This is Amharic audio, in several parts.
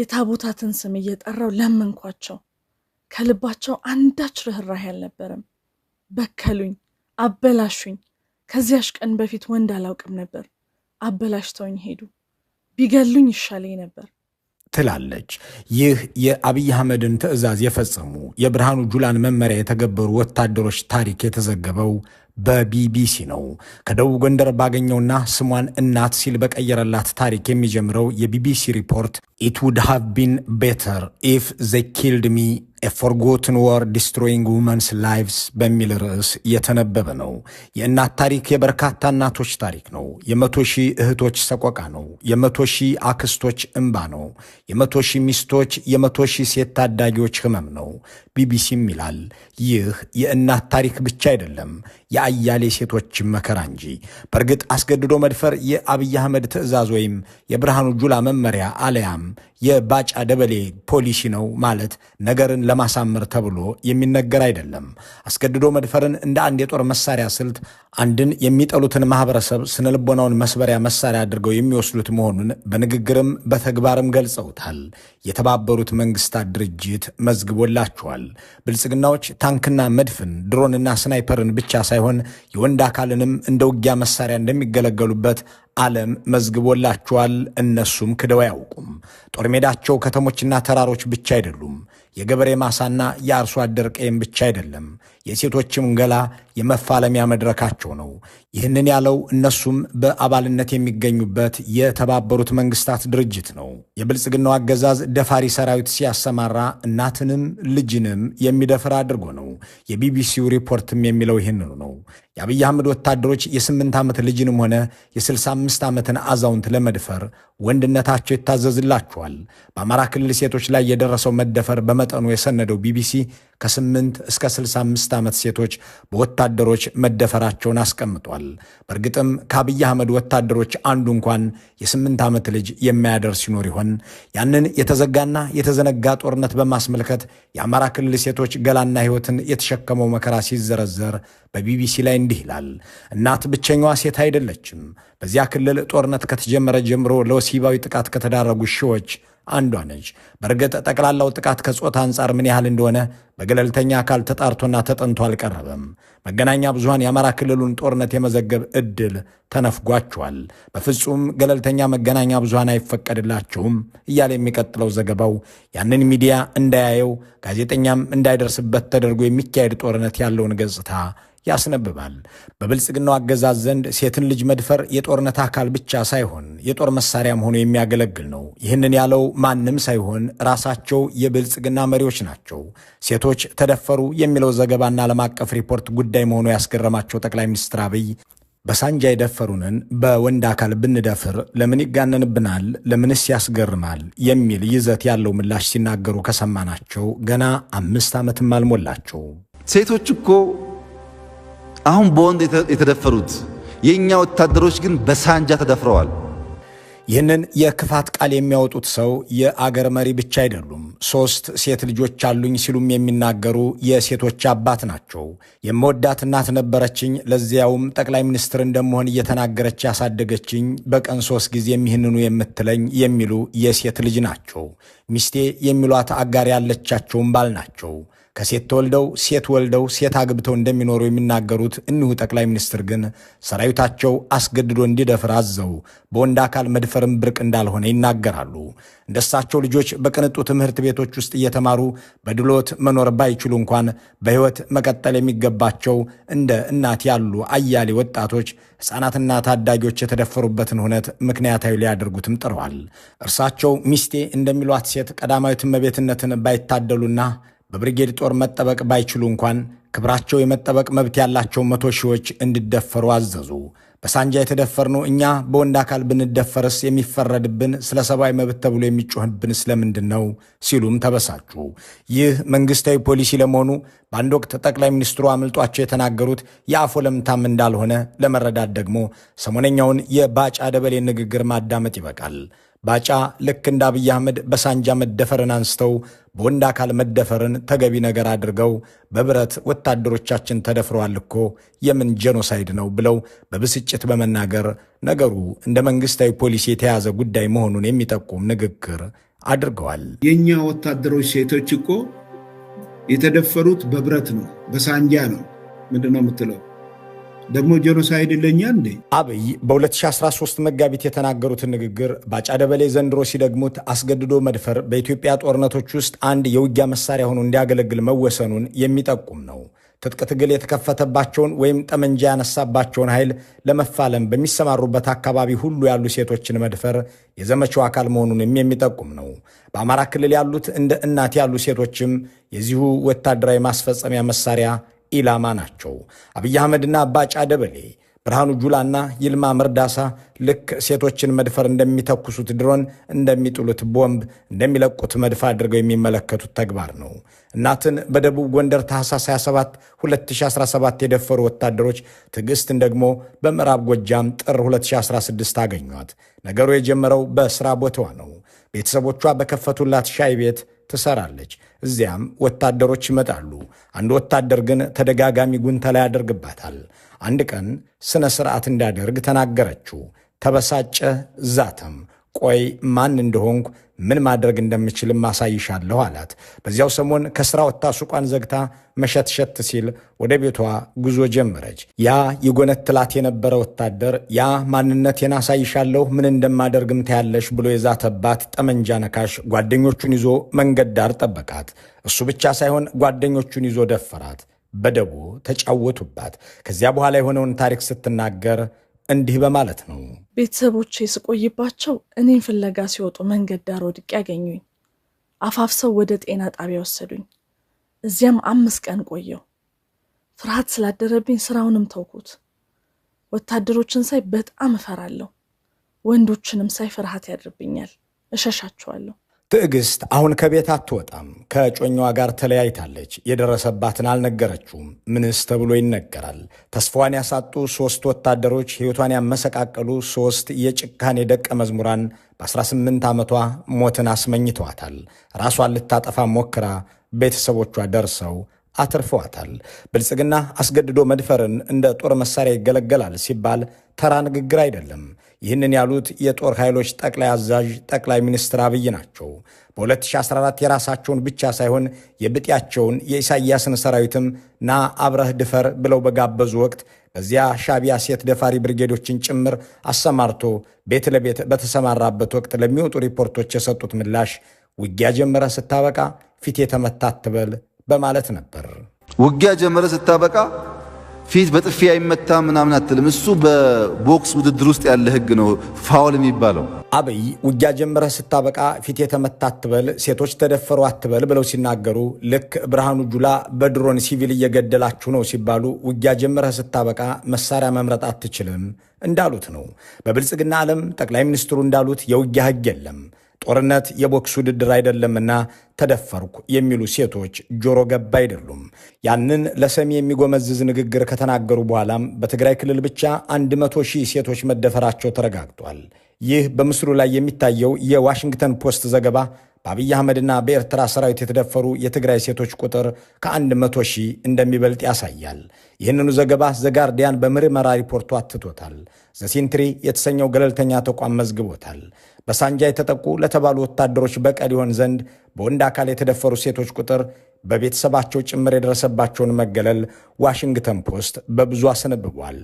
የታቦታትን ስም እየጠራው ለመንኳቸው። ከልባቸው አንዳች ርኅራህ አልነበረም። በከሉኝ፣ አበላሹኝ። ከዚያሽ ቀን በፊት ወንድ አላውቅም ነበር። አበላሽተውኝ ሄዱ። ቢገሉኝ ይሻለኝ ነበር። ትላለች። ይህ የአብይ አህመድን ትዕዛዝ የፈጸሙ የብርሃኑ ጁላን መመሪያ የተገበሩ ወታደሮች ታሪክ የተዘገበው በቢቢሲ ነው። ከደቡብ ጎንደር ባገኘውና ስሟን እናት ሲል በቀየረላት ታሪክ የሚጀምረው የቢቢሲ ሪፖርት ኢት ውድ ሃቭ ቢን ቤተር ኢፍ ዘ ኪልድ ሚ ኤፎርጎትን ወር ዲስትሮይንግ ውመንስ ላይቭስ በሚል ርዕስ እየተነበበ ነው። የእናት ታሪክ የበርካታ እናቶች ታሪክ ነው። የመቶ ሺህ እህቶች ሰቆቃ ነው። የመቶ ሺህ አክስቶች እንባ ነው። የመቶ ሺህ ሚስቶች፣ የመቶ ሺህ ሴት ታዳጊዎች ህመም ነው። ቢቢሲም ይላል ይህ የእናት ታሪክ ብቻ አይደለም፣ የአያሌ ሴቶች መከራ እንጂ። በእርግጥ አስገድዶ መድፈር የአብይ አህመድ ትዕዛዝ ወይም የብርሃኑ ጁላ መመሪያ አለያም የባጫ ደበሌ ፖሊሲ ነው ማለት ነገርን ለማሳመር ተብሎ የሚነገር አይደለም። አስገድዶ መድፈርን እንደ አንድ የጦር መሳሪያ ስልት አንድን የሚጠሉትን ማህበረሰብ ስነልቦናውን መስበሪያ መሳሪያ አድርገው የሚወስዱት መሆኑን በንግግርም በተግባርም ገልጸውታል። የተባበሩት መንግስታት ድርጅት መዝግቦላቸዋል። ብልጽግናዎች ታንክና መድፍን ድሮንና ስናይፐርን ብቻ ሳይሆን የወንድ አካልንም እንደ ውጊያ መሳሪያ እንደሚገለገሉበት ዓለም መዝግቦላቸዋል። እነሱም ክደው አያውቁም። ጦር ሜዳቸው ከተሞችና ተራሮች ብቻ አይደሉም። የገበሬ ማሳና የአርሶ አደር ቀይም ብቻ አይደለም። የሴቶችም ገላ የመፋለሚያ መድረካቸው ነው። ይህንን ያለው እነሱም በአባልነት የሚገኙበት የተባበሩት መንግስታት ድርጅት ነው። የብልጽግናው አገዛዝ ደፋሪ ሰራዊት ሲያሰማራ እናትንም ልጅንም የሚደፍር አድርጎ ነው። የቢቢሲው ሪፖርትም የሚለው ይህንኑ ነው። የአብይ አህመድ ወታደሮች የስምንት ዓመት ልጅንም ሆነ የ65 ዓመትን አዛውንት ለመድፈር ወንድነታቸው ይታዘዝላቸዋል። በአማራ ክልል ሴቶች ላይ የደረሰው መደፈር በመጠኑ የሰነደው ቢቢሲ ከ8 እስከ 65 ዓመት ሴቶች በወታደሮች መደፈራቸውን አስቀምጧል። በእርግጥም ከአብይ አህመድ ወታደሮች አንዱ እንኳን የ8 ዓመት ልጅ የማያደር ሲኖር ይሆን? ያንን የተዘጋና የተዘነጋ ጦርነት በማስመልከት የአማራ ክልል ሴቶች ገላና ሕይወትን የተሸከመው መከራ ሲዘረዘር በቢቢሲ ላይ እንዲህ ይላል። እናት ብቸኛዋ ሴት አይደለችም። በዚያ ክልል ጦርነት ከተጀመረ ጀምሮ ለወሲባዊ ጥቃት ከተዳረጉ ሺዎች አንዷ ነች። በእርግጥ ጠቅላላው ጥቃት ከጾታ አንጻር ምን ያህል እንደሆነ በገለልተኛ አካል ተጣርቶና ተጠንቶ አልቀረበም። መገናኛ ብዙሃን የአማራ ክልሉን ጦርነት የመዘገብ እድል ተነፍጓቸዋል። በፍጹም ገለልተኛ መገናኛ ብዙሃን አይፈቀድላቸውም እያለ የሚቀጥለው ዘገባው ያንን ሚዲያ እንዳያየው ጋዜጠኛም እንዳይደርስበት ተደርጎ የሚካሄድ ጦርነት ያለውን ገጽታ ያስነብባል። በብልጽግናው አገዛዝ ዘንድ ሴትን ልጅ መድፈር የጦርነት አካል ብቻ ሳይሆን የጦር መሳሪያም ሆኖ የሚያገለግል ነው። ይህንን ያለው ማንም ሳይሆን ራሳቸው የብልጽግና መሪዎች ናቸው። ሴቶች ተደፈሩ የሚለው ዘገባና ዓለም አቀፍ ሪፖርት ጉዳይ መሆኑ ያስገረማቸው ጠቅላይ ሚኒስትር አብይ በሳንጃ የደፈሩንን በወንድ አካል ብንደፍር ለምን ይጋነንብናል? ለምንስ ያስገርማል? የሚል ይዘት ያለው ምላሽ ሲናገሩ ከሰማናቸው ገና አምስት ዓመትም አልሞላቸው ሴቶች እኮ አሁን በወንድ የተደፈሩት የእኛ ወታደሮች ግን በሳንጃ ተደፍረዋል። ይህንን የክፋት ቃል የሚያወጡት ሰው የአገር መሪ ብቻ አይደሉም። ሶስት ሴት ልጆች አሉኝ ሲሉም የሚናገሩ የሴቶች አባት ናቸው። የምወዳት እናት ነበረችኝ፣ ለዚያውም ጠቅላይ ሚኒስትር እንደመሆን እየተናገረች ያሳደገችኝ፣ በቀን ሶስት ጊዜ የሚህንኑ የምትለኝ የሚሉ የሴት ልጅ ናቸው። ሚስቴ የሚሏት አጋር ያለቻቸውም ባል ናቸው። ከሴት ተወልደው ሴት ወልደው ሴት አግብተው እንደሚኖሩ የሚናገሩት እኒሁ ጠቅላይ ሚኒስትር ግን ሰራዊታቸው አስገድዶ እንዲደፍር አዘው በወንድ አካል መድፈርም ብርቅ እንዳልሆነ ይናገራሉ። እንደሳቸው ልጆች በቅንጡ ትምህርት ቤቶች ውስጥ እየተማሩ በድሎት መኖር ባይችሉ እንኳን በሕይወት መቀጠል የሚገባቸው እንደ እናት ያሉ አያሌ ወጣቶች ሕፃናትና ታዳጊዎች የተደፈሩበትን ሁነት ምክንያታዊ ሊያደርጉትም ጥረዋል። እርሳቸው ሚስቴ እንደሚሏት ሴት ቀዳማዊት እመቤትነትን ባይታደሉና በብሪጌድ ጦር መጠበቅ ባይችሉ እንኳን ክብራቸው የመጠበቅ መብት ያላቸው መቶ ሺዎች እንዲደፈሩ አዘዙ። በሳንጃ የተደፈርነው እኛ በወንድ አካል ብንደፈርስ የሚፈረድብን ስለ ሰብአዊ መብት ተብሎ የሚጮህብን ስለምንድን ነው ሲሉም ተበሳጩ። ይህ መንግስታዊ ፖሊሲ ለመሆኑ በአንድ ወቅት ጠቅላይ ሚኒስትሩ አምልጧቸው የተናገሩት ለምታም እንዳልሆነ ለመረዳት ደግሞ ሰሞነኛውን የባጫ ደበሌ ንግግር ማዳመጥ ይበቃል። ባጫ ልክ እንደ አብይ አህመድ በሳንጃ መደፈርን አንስተው በወንድ አካል መደፈርን ተገቢ ነገር አድርገው በብረት ወታደሮቻችን ተደፍረዋል እኮ የምን ጄኖሳይድ ነው ብለው በብስጭት በመናገር ነገሩ እንደ መንግስታዊ ፖሊሲ የተያዘ ጉዳይ መሆኑን የሚጠቁም ንግግር አድርገዋል። የእኛ ወታደሮች ሴቶች እኮ የተደፈሩት በብረት ነው፣ በሳንጃ ነው። ምንድን ነው የምትለው? ደግሞ ጄኖሳይድ ለኛ እንዴ? አብይ በ2013 መጋቢት የተናገሩትን ንግግር ባጫ ደበሌ ዘንድሮ ሲደግሙት አስገድዶ መድፈር በኢትዮጵያ ጦርነቶች ውስጥ አንድ የውጊያ መሳሪያ ሆኖ እንዲያገለግል መወሰኑን የሚጠቁም ነው። ትጥቅ ትግል የተከፈተባቸውን ወይም ጠመንጃ ያነሳባቸውን ኃይል ለመፋለም በሚሰማሩበት አካባቢ ሁሉ ያሉ ሴቶችን መድፈር የዘመቻው አካል መሆኑንም የሚጠቁም ነው። በአማራ ክልል ያሉት እንደ እናት ያሉ ሴቶችም የዚሁ ወታደራዊ ማስፈጸሚያ መሳሪያ ኢላማ ናቸው። አብይ አህመድና አባጫ ደበሌ ብርሃኑ ጁላና ይልማ መርዳሳ ልክ ሴቶችን መድፈር እንደሚተኩሱት ድሮን፣ እንደሚጥሉት ቦምብ፣ እንደሚለቁት መድፍ አድርገው የሚመለከቱት ተግባር ነው። እናትን በደቡብ ጎንደር ታህሳስ 27 2017 የደፈሩ ወታደሮች ትዕግስትን ደግሞ በምዕራብ ጎጃም ጥር 2016 አገኟት። ነገሩ የጀመረው በስራ ቦታዋ ነው። ቤተሰቦቿ በከፈቱላት ሻይ ቤት ትሰራለች። እዚያም ወታደሮች ይመጣሉ። አንድ ወታደር ግን ተደጋጋሚ ጉንተላ ያደርግባታል። አንድ ቀን ስነ ስርዓት እንዳደርግ ተናገረችው። ተበሳጨ፣ ዛተም። ቆይ ማን እንደሆንኩ ምን ማድረግ እንደምችልም አሳይሻለሁ አላት። በዚያው ሰሞን ከሥራ ወጥታ ሱቋን ዘግታ መሸትሸት ሲል ወደ ቤቷ ጉዞ ጀመረች። ያ የጎነትላት የነበረ ወታደር ያ ማንነቴን አሳይሻለሁ ምን እንደማደርግም ታያለሽ ብሎ የዛተባት ጠመንጃ ነካሽ ጓደኞቹን ይዞ መንገድ ዳር ጠበቃት። እሱ ብቻ ሳይሆን ጓደኞቹን ይዞ ደፈራት። በደቦ ተጫወቱባት። ከዚያ በኋላ የሆነውን ታሪክ ስትናገር እንዲህ በማለት ነው። ቤተሰቦቼ ስቆይባቸው እኔን ፍለጋ ሲወጡ መንገድ ዳር ወድቄ ያገኙኝ። አፋፍሰው ወደ ጤና ጣቢያ ወሰዱኝ። እዚያም አምስት ቀን ቆየው ፍርሃት ስላደረብኝ ስራውንም ተውኩት። ወታደሮችን ሳይ በጣም እፈራለሁ። ወንዶችንም ሳይ ፍርሃት ያድርብኛል፣ እሸሻቸዋለሁ። ትዕግስት አሁን ከቤት አትወጣም። ከጮኛዋ ጋር ተለያይታለች። የደረሰባትን አልነገረችውም። ምንስ ተብሎ ይነገራል? ተስፋዋን ያሳጡ ሶስት ወታደሮች፣ ሕይወቷን ያመሰቃቀሉ ሶስት የጭካኔ ደቀ መዝሙራን በ18 ዓመቷ ሞትን አስመኝተዋታል። ራሷን ልታጠፋ ሞክራ ቤተሰቦቿ ደርሰው አትርፈዋታል። ብልጽግና አስገድዶ መድፈርን እንደ ጦር መሳሪያ ይገለገላል ሲባል ተራ ንግግር አይደለም። ይህንን ያሉት የጦር ኃይሎች ጠቅላይ አዛዥ ጠቅላይ ሚኒስትር አብይ ናቸው። በ2014 የራሳቸውን ብቻ ሳይሆን የብጤያቸውን የኢሳይያስን ሰራዊትም ና አብረህ ድፈር ብለው በጋበዙ ወቅት በዚያ ሻቢያ ሴት ደፋሪ ብርጌዶችን ጭምር አሰማርቶ ቤት ለቤት በተሰማራበት ወቅት ለሚወጡ ሪፖርቶች የሰጡት ምላሽ ውጊያ ጀመረ ስታበቃ ፊት የተመታትበል በማለት ነበር። ውጊያ ጀመረ ስታበቃ ፊት በጥፊ አይመታም ምናምን አትልም። እሱ በቦክስ ውድድር ውስጥ ያለ ህግ ነው ፋውል የሚባለው። አብይ ውጊያ ጀምረህ ስታበቃ ፊት የተመታ አትበል፣ ሴቶች ተደፈሩ አትበል ብለው ሲናገሩ ልክ ብርሃኑ ጁላ በድሮን ሲቪል እየገደላችሁ ነው ሲባሉ ውጊያ ጀምረህ ስታበቃ መሳሪያ መምረጥ አትችልም እንዳሉት ነው። በብልጽግና ዓለም ጠቅላይ ሚኒስትሩ እንዳሉት የውጊያ ህግ የለም። ጦርነት የቦክስ ውድድር አይደለምና ተደፈርኩ የሚሉ ሴቶች ጆሮ ገብ አይደሉም። ያንን ለሰሚ የሚጎመዝዝ ንግግር ከተናገሩ በኋላም በትግራይ ክልል ብቻ 100 ሺህ ሴቶች መደፈራቸው ተረጋግጧል። ይህ በምስሉ ላይ የሚታየው የዋሽንግተን ፖስት ዘገባ በአብይ አህመድና በኤርትራ ሰራዊት የተደፈሩ የትግራይ ሴቶች ቁጥር ከአንድ መቶ ሺህ እንደሚበልጥ ያሳያል። ይህንኑ ዘገባ ዘጋርዲያን በምርመራ ሪፖርቱ አትቶታል። ዘሲንትሪ የተሰኘው ገለልተኛ ተቋም መዝግቦታል። በሳንጃ የተጠቁ ለተባሉ ወታደሮች በቀል ይሆን ዘንድ በወንድ አካል የተደፈሩ ሴቶች ቁጥር በቤተሰባቸው ጭምር የደረሰባቸውን መገለል ዋሽንግተን ፖስት በብዙ አስነብቧል።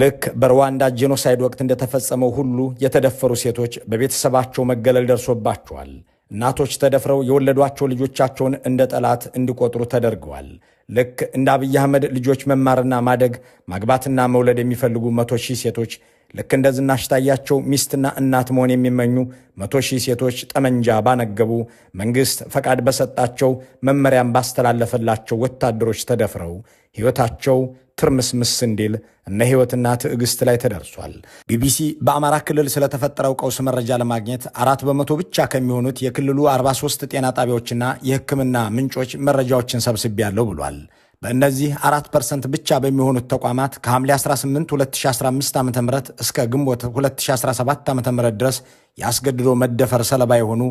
ልክ በሩዋንዳ ጄኖሳይድ ወቅት እንደተፈጸመው ሁሉ የተደፈሩ ሴቶች በቤተሰባቸው መገለል ደርሶባቸዋል። እናቶች ተደፍረው የወለዷቸው ልጆቻቸውን እንደ ጠላት እንዲቆጥሩ ተደርገዋል። ልክ እንደ አብይ አህመድ ልጆች መማርና ማደግ ማግባትና መውለድ የሚፈልጉ መቶ ሺህ ሴቶች ልክ እንደ ዝናሽ ታያቸው ሚስትና እናት መሆን የሚመኙ መቶ ሺህ ሴቶች ጠመንጃ ባነገቡ መንግሥት ፈቃድ በሰጣቸው መመሪያም ባስተላለፈላቸው ወታደሮች ተደፍረው ሕይወታቸው ትርምስምስ እንዲል እነ ሕይወትና ትዕግሥት ላይ ተደርሷል። ቢቢሲ በአማራ ክልል ስለተፈጠረው ቀውስ መረጃ ለማግኘት አራት በመቶ ብቻ ከሚሆኑት የክልሉ 43 ጤና ጣቢያዎችና የሕክምና ምንጮች መረጃዎችን ሰብስቤያለሁ ብሏል። በእነዚህ አራት ፐርሰንት ብቻ በሚሆኑት ተቋማት ከሐምሌ 18 2015 ዓ ም እስከ ግንቦት 2017 ዓ ም ድረስ ያስገድዶ መደፈር ሰለባ የሆኑ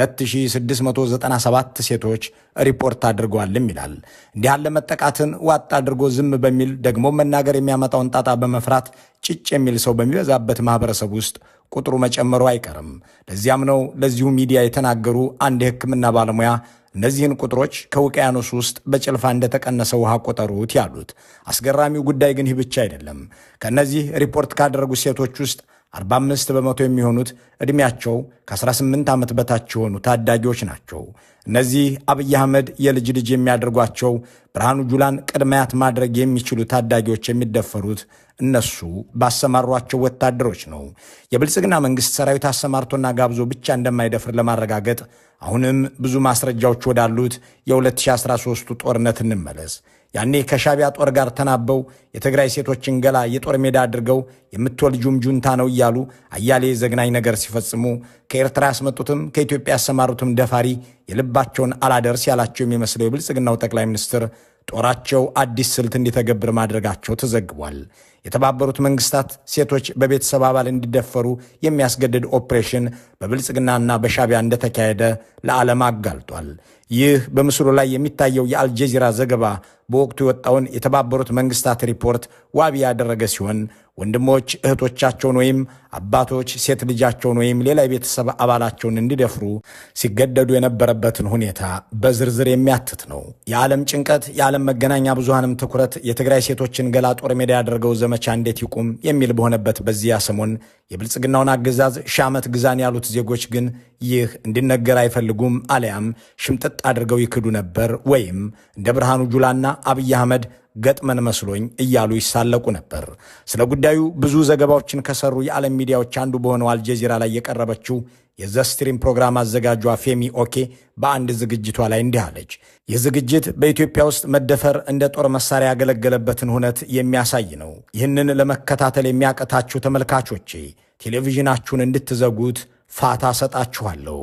2697 ሴቶች ሪፖርት አድርገዋልም ይላል። እንዲህ ያለ መጠቃትን ዋጥ አድርጎ ዝም በሚል ደግሞ መናገር የሚያመጣውን ጣጣ በመፍራት ጭጭ የሚል ሰው በሚበዛበት ማህበረሰብ ውስጥ ቁጥሩ መጨመሩ አይቀርም። ለዚያም ነው ለዚሁ ሚዲያ የተናገሩ አንድ የሕክምና ባለሙያ እነዚህን ቁጥሮች ከውቅያኖስ ውስጥ በጭልፋ እንደተቀነሰ ውሃ ቆጠሩት ያሉት። አስገራሚው ጉዳይ ግን ይህ ብቻ አይደለም። ከእነዚህ ሪፖርት ካደረጉ ሴቶች ውስጥ 45 በመቶ የሚሆኑት ዕድሜያቸው ከ18 ዓመት በታች የሆኑ ታዳጊዎች ናቸው። እነዚህ አብይ አህመድ የልጅ ልጅ የሚያደርጓቸው ብርሃኑ ጁላን ቅድመያት ማድረግ የሚችሉ ታዳጊዎች የሚደፈሩት እነሱ ባሰማሯቸው ወታደሮች ነው። የብልጽግና መንግስት ሰራዊት አሰማርቶና ጋብዞ ብቻ እንደማይደፍር ለማረጋገጥ አሁንም ብዙ ማስረጃዎች ወዳሉት የ2013ቱ ጦርነት እንመለስ። ያኔ ከሻቢያ ጦር ጋር ተናበው የትግራይ ሴቶችን ገላ የጦር ሜዳ አድርገው የምትወልጁም ጁንታ ነው እያሉ አያሌ ዘግናኝ ነገር ሲፈጽሙ ከኤርትራ ያስመጡትም ከኢትዮጵያ ያሰማሩትም ደፋሪ የልባቸውን አላደርስ ያላቸው የሚመስለው የብልጽግናው ጠቅላይ ሚኒስትር ጦራቸው አዲስ ስልት እንዲተገብር ማድረጋቸው ተዘግቧል። የተባበሩት መንግስታት ሴቶች በቤተሰብ አባል እንዲደፈሩ የሚያስገድድ ኦፕሬሽን በብልጽግናና በሻቢያ እንደተካሄደ ለዓለም አጋልጧል። ይህ በምስሉ ላይ የሚታየው የአልጀዚራ ዘገባ በወቅቱ የወጣውን የተባበሩት መንግስታት ሪፖርት ዋቢ ያደረገ ሲሆን ወንድሞች እህቶቻቸውን ወይም አባቶች ሴት ልጃቸውን ወይም ሌላ የቤተሰብ አባላቸውን እንዲደፍሩ ሲገደዱ የነበረበትን ሁኔታ በዝርዝር የሚያትት ነው። የዓለም ጭንቀት፣ የዓለም መገናኛ ብዙሃንም ትኩረት የትግራይ ሴቶችን ገላ ጦር ሜዳ ያደረገው ዘመቻ እንዴት ይቁም የሚል በሆነበት በዚያ ሰሞን የብልጽግናውን አገዛዝ ሺህ ዓመት ግዛን ያሉት ዜጎች ግን ይህ እንዲነገር አይፈልጉም፣ አሊያም ሽምጥጥ አድርገው ይክዱ ነበር ወይም እንደ ብርሃኑ ጁላና አብይ አህመድ ገጥመን መስሎኝ እያሉ ይሳለቁ ነበር። ስለ ጉዳዩ ብዙ ዘገባዎችን ከሰሩ የዓለም ሚዲያዎች አንዱ በሆነው አልጀዚራ ላይ የቀረበችው የዘስትሪም ፕሮግራም አዘጋጇ ፌሚ ኦኬ በአንድ ዝግጅቷ ላይ እንዲህ አለች። ይህ ዝግጅት በኢትዮጵያ ውስጥ መደፈር እንደ ጦር መሳሪያ ያገለገለበትን ሁነት የሚያሳይ ነው። ይህንን ለመከታተል የሚያቀታችሁ ተመልካቾቼ ቴሌቪዥናችሁን እንድትዘጉት ፋታ ሰጣችኋለሁ።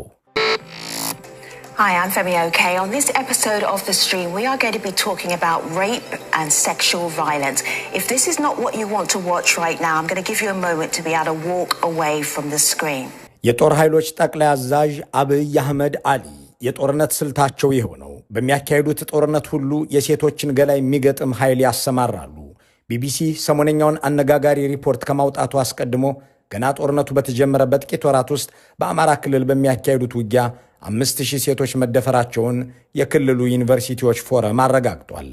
Hi, I'm Femi OK. On this episode of The Stream, we are going to be talking about rape and sexual violence. If this is not what you want to watch right now, I'm going to give you a moment to be able to walk away from the screen. የጦር ኃይሎች ጠቅላይ አዛዥ አብይ አህመድ አሊ የጦርነት ስልታቸው ይኸው ነው። በሚያካሂዱት ጦርነት ሁሉ የሴቶችን ገላ የሚገጥም ኃይል ያሰማራሉ። ቢቢሲ ሰሞነኛውን አነጋጋሪ ሪፖርት ከማውጣቱ አስቀድሞ ገና ጦርነቱ በተጀመረ በጥቂት ወራት ውስጥ በአማራ ክልል በሚያካሂዱት ውጊያ አምስት ሺህ ሴቶች መደፈራቸውን የክልሉ ዩኒቨርሲቲዎች ፎረም አረጋግጧል።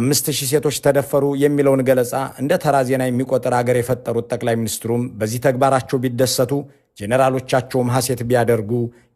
አምስት ሺህ ሴቶች ተደፈሩ የሚለውን ገለጻ እንደ ተራ ዜና የሚቆጠር አገር የፈጠሩት ጠቅላይ ሚኒስትሩም በዚህ ተግባራቸው ቢደሰቱ ጄኔራሎቻቸውም ሐሴት ቢያደርጉ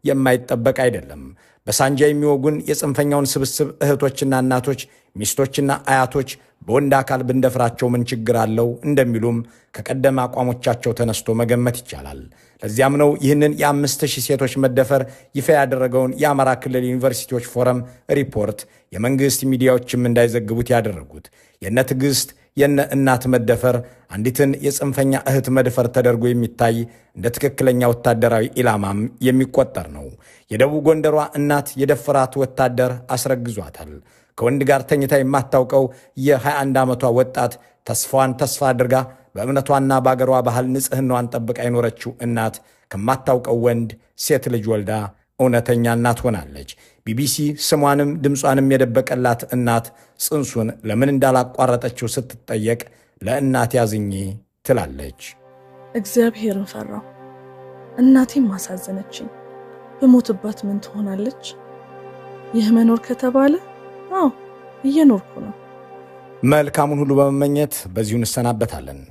የማይጠበቅ አይደለም። በሳንጃ የሚወጉን የጽንፈኛውን ስብስብ እህቶችና እናቶች፣ ሚስቶችና አያቶች በወንድ አካል ብንደፍራቸው ምን ችግር አለው እንደሚሉም ከቀደመ አቋሞቻቸው ተነስቶ መገመት ይቻላል። ለዚያም ነው ይህንን የአምስት ሺህ ሴቶች መደፈር ይፋ ያደረገውን የአማራ ክልል ዩኒቨርሲቲዎች ፎረም ሪፖርት የመንግሥት ሚዲያዎችም እንዳይዘግቡት ያደረጉት። የነ ትዕግሥት የነ እናት መደፈር አንዲትን የጽንፈኛ እህት መድፈር ተደርጎ የሚታይ እንደ ትክክለኛ ወታደራዊ ኢላማም የሚቆጠር ነው። የደቡብ ጎንደሯ እናት የደፈራት ወታደር አስረግዟታል። ከወንድ ጋር ተኝታ የማታውቀው የ21 ዓመቷ ወጣት ተስፋዋን ተስፋ አድርጋ በእምነቷና በአገሯ ባህል ንጽህናዋን ጠብቃ የኖረችው እናት ከማታውቀው ወንድ ሴት ልጅ ወልዳ እውነተኛ እናት ሆናለች። ቢቢሲ ስሟንም ድምጿንም የደበቀላት እናት ጽንሱን ለምን እንዳላቋረጠችው ስትጠየቅ ለእናት ያዝኝ ትላለች። እግዚአብሔርን ፈራው። እናቴም አሳዘነችኝ። በሞትባት ምን ትሆናለች? ይህ መኖር ከተባለ አዎ እየኖርኩ ነው። መልካሙን ሁሉ በመመኘት በዚሁ እንሰናበታለን።